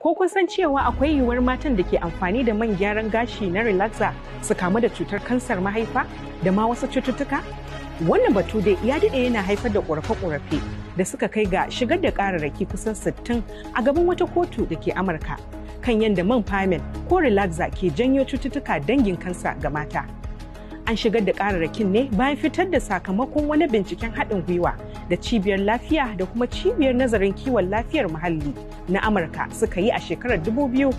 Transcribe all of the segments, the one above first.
Ko kun san cewa akwai yiwuwar matan da ke amfani da man gyaran gashi na relaxer su kamu da cutar kansar mahaifa da ma wasu cututtuka? Wannan batu dai ya daɗe yana haifar da ƙorafe-ƙorafe da suka kai ga shigar da ƙararraki kusan sittin a gaban wata kotu da ke Amurka kan yadda man famen ko relaxer ke janyo cututtuka dangin kansa ga mata. an shigar da kararrakin ne bayan fitar da sakamakon wani binciken haɗin gwiwa da cibiyar lafiya da kuma cibiyar nazarin kiwon lafiyar muhalli na amurka suka yi a shekarar 2022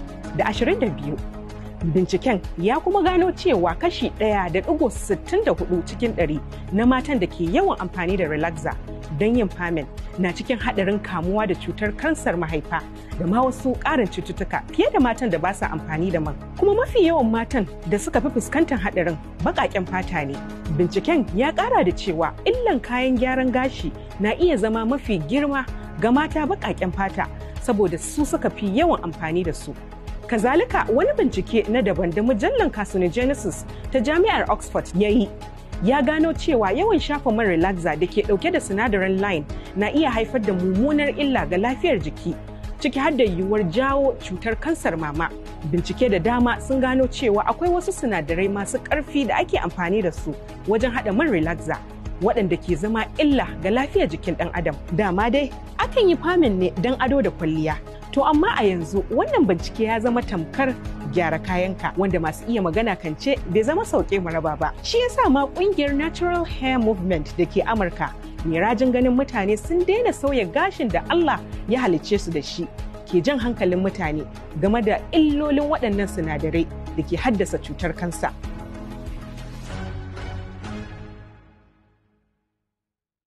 Binciken ya kuma gano cewa kashi ɗaya da ɗigo 64 cikin ɗari na matan da ke yawan amfani da relaxa don yin famin na cikin haɗarin kamuwa da cutar kansar mahaifa da ma wasu ƙarin cututtuka fiye da matan da ba sa amfani da man. Kuma mafi yawan matan da suka fi fuskantar haɗarin baƙaƙen fata ne. Binciken ya ƙara da cewa illan kayan gyaran gashi na iya zama mafi girma ga mata baƙaƙen fata saboda su suka fi yawan amfani da su. Kazalika wani bincike na daban da mujallar Carcinogenesis ta Jami'ar Oxford ya yi ya gano cewa yawan shafa man relaxer da ke dauke da sinadarin line na iya haifar da mummunar illa ga lafiyar jiki ciki har da yiwuwar jawo cutar kansar mama bincike da dama sun gano cewa akwai wasu sinadarai masu karfi da ake amfani da su wajen hada man relaxer waɗanda ke zama illa ga lafiyar jikin ɗan adam dama dai akan yi famin ne don ado da kwalliya To amma a yanzu wannan bincike ya zama tamkar gyara kayanka wanda masu iya magana kan ce bai zama sauke maraba ba. Shi ya sa ma ƙungiyar Natural Hair Movement da ke Amurka mai rajin ganin mutane sun daina sauya gashin da Allah ya halicce su da shi. ke jan hankalin mutane game da illolin waɗannan sinadarai da ke haddasa cutar kansa.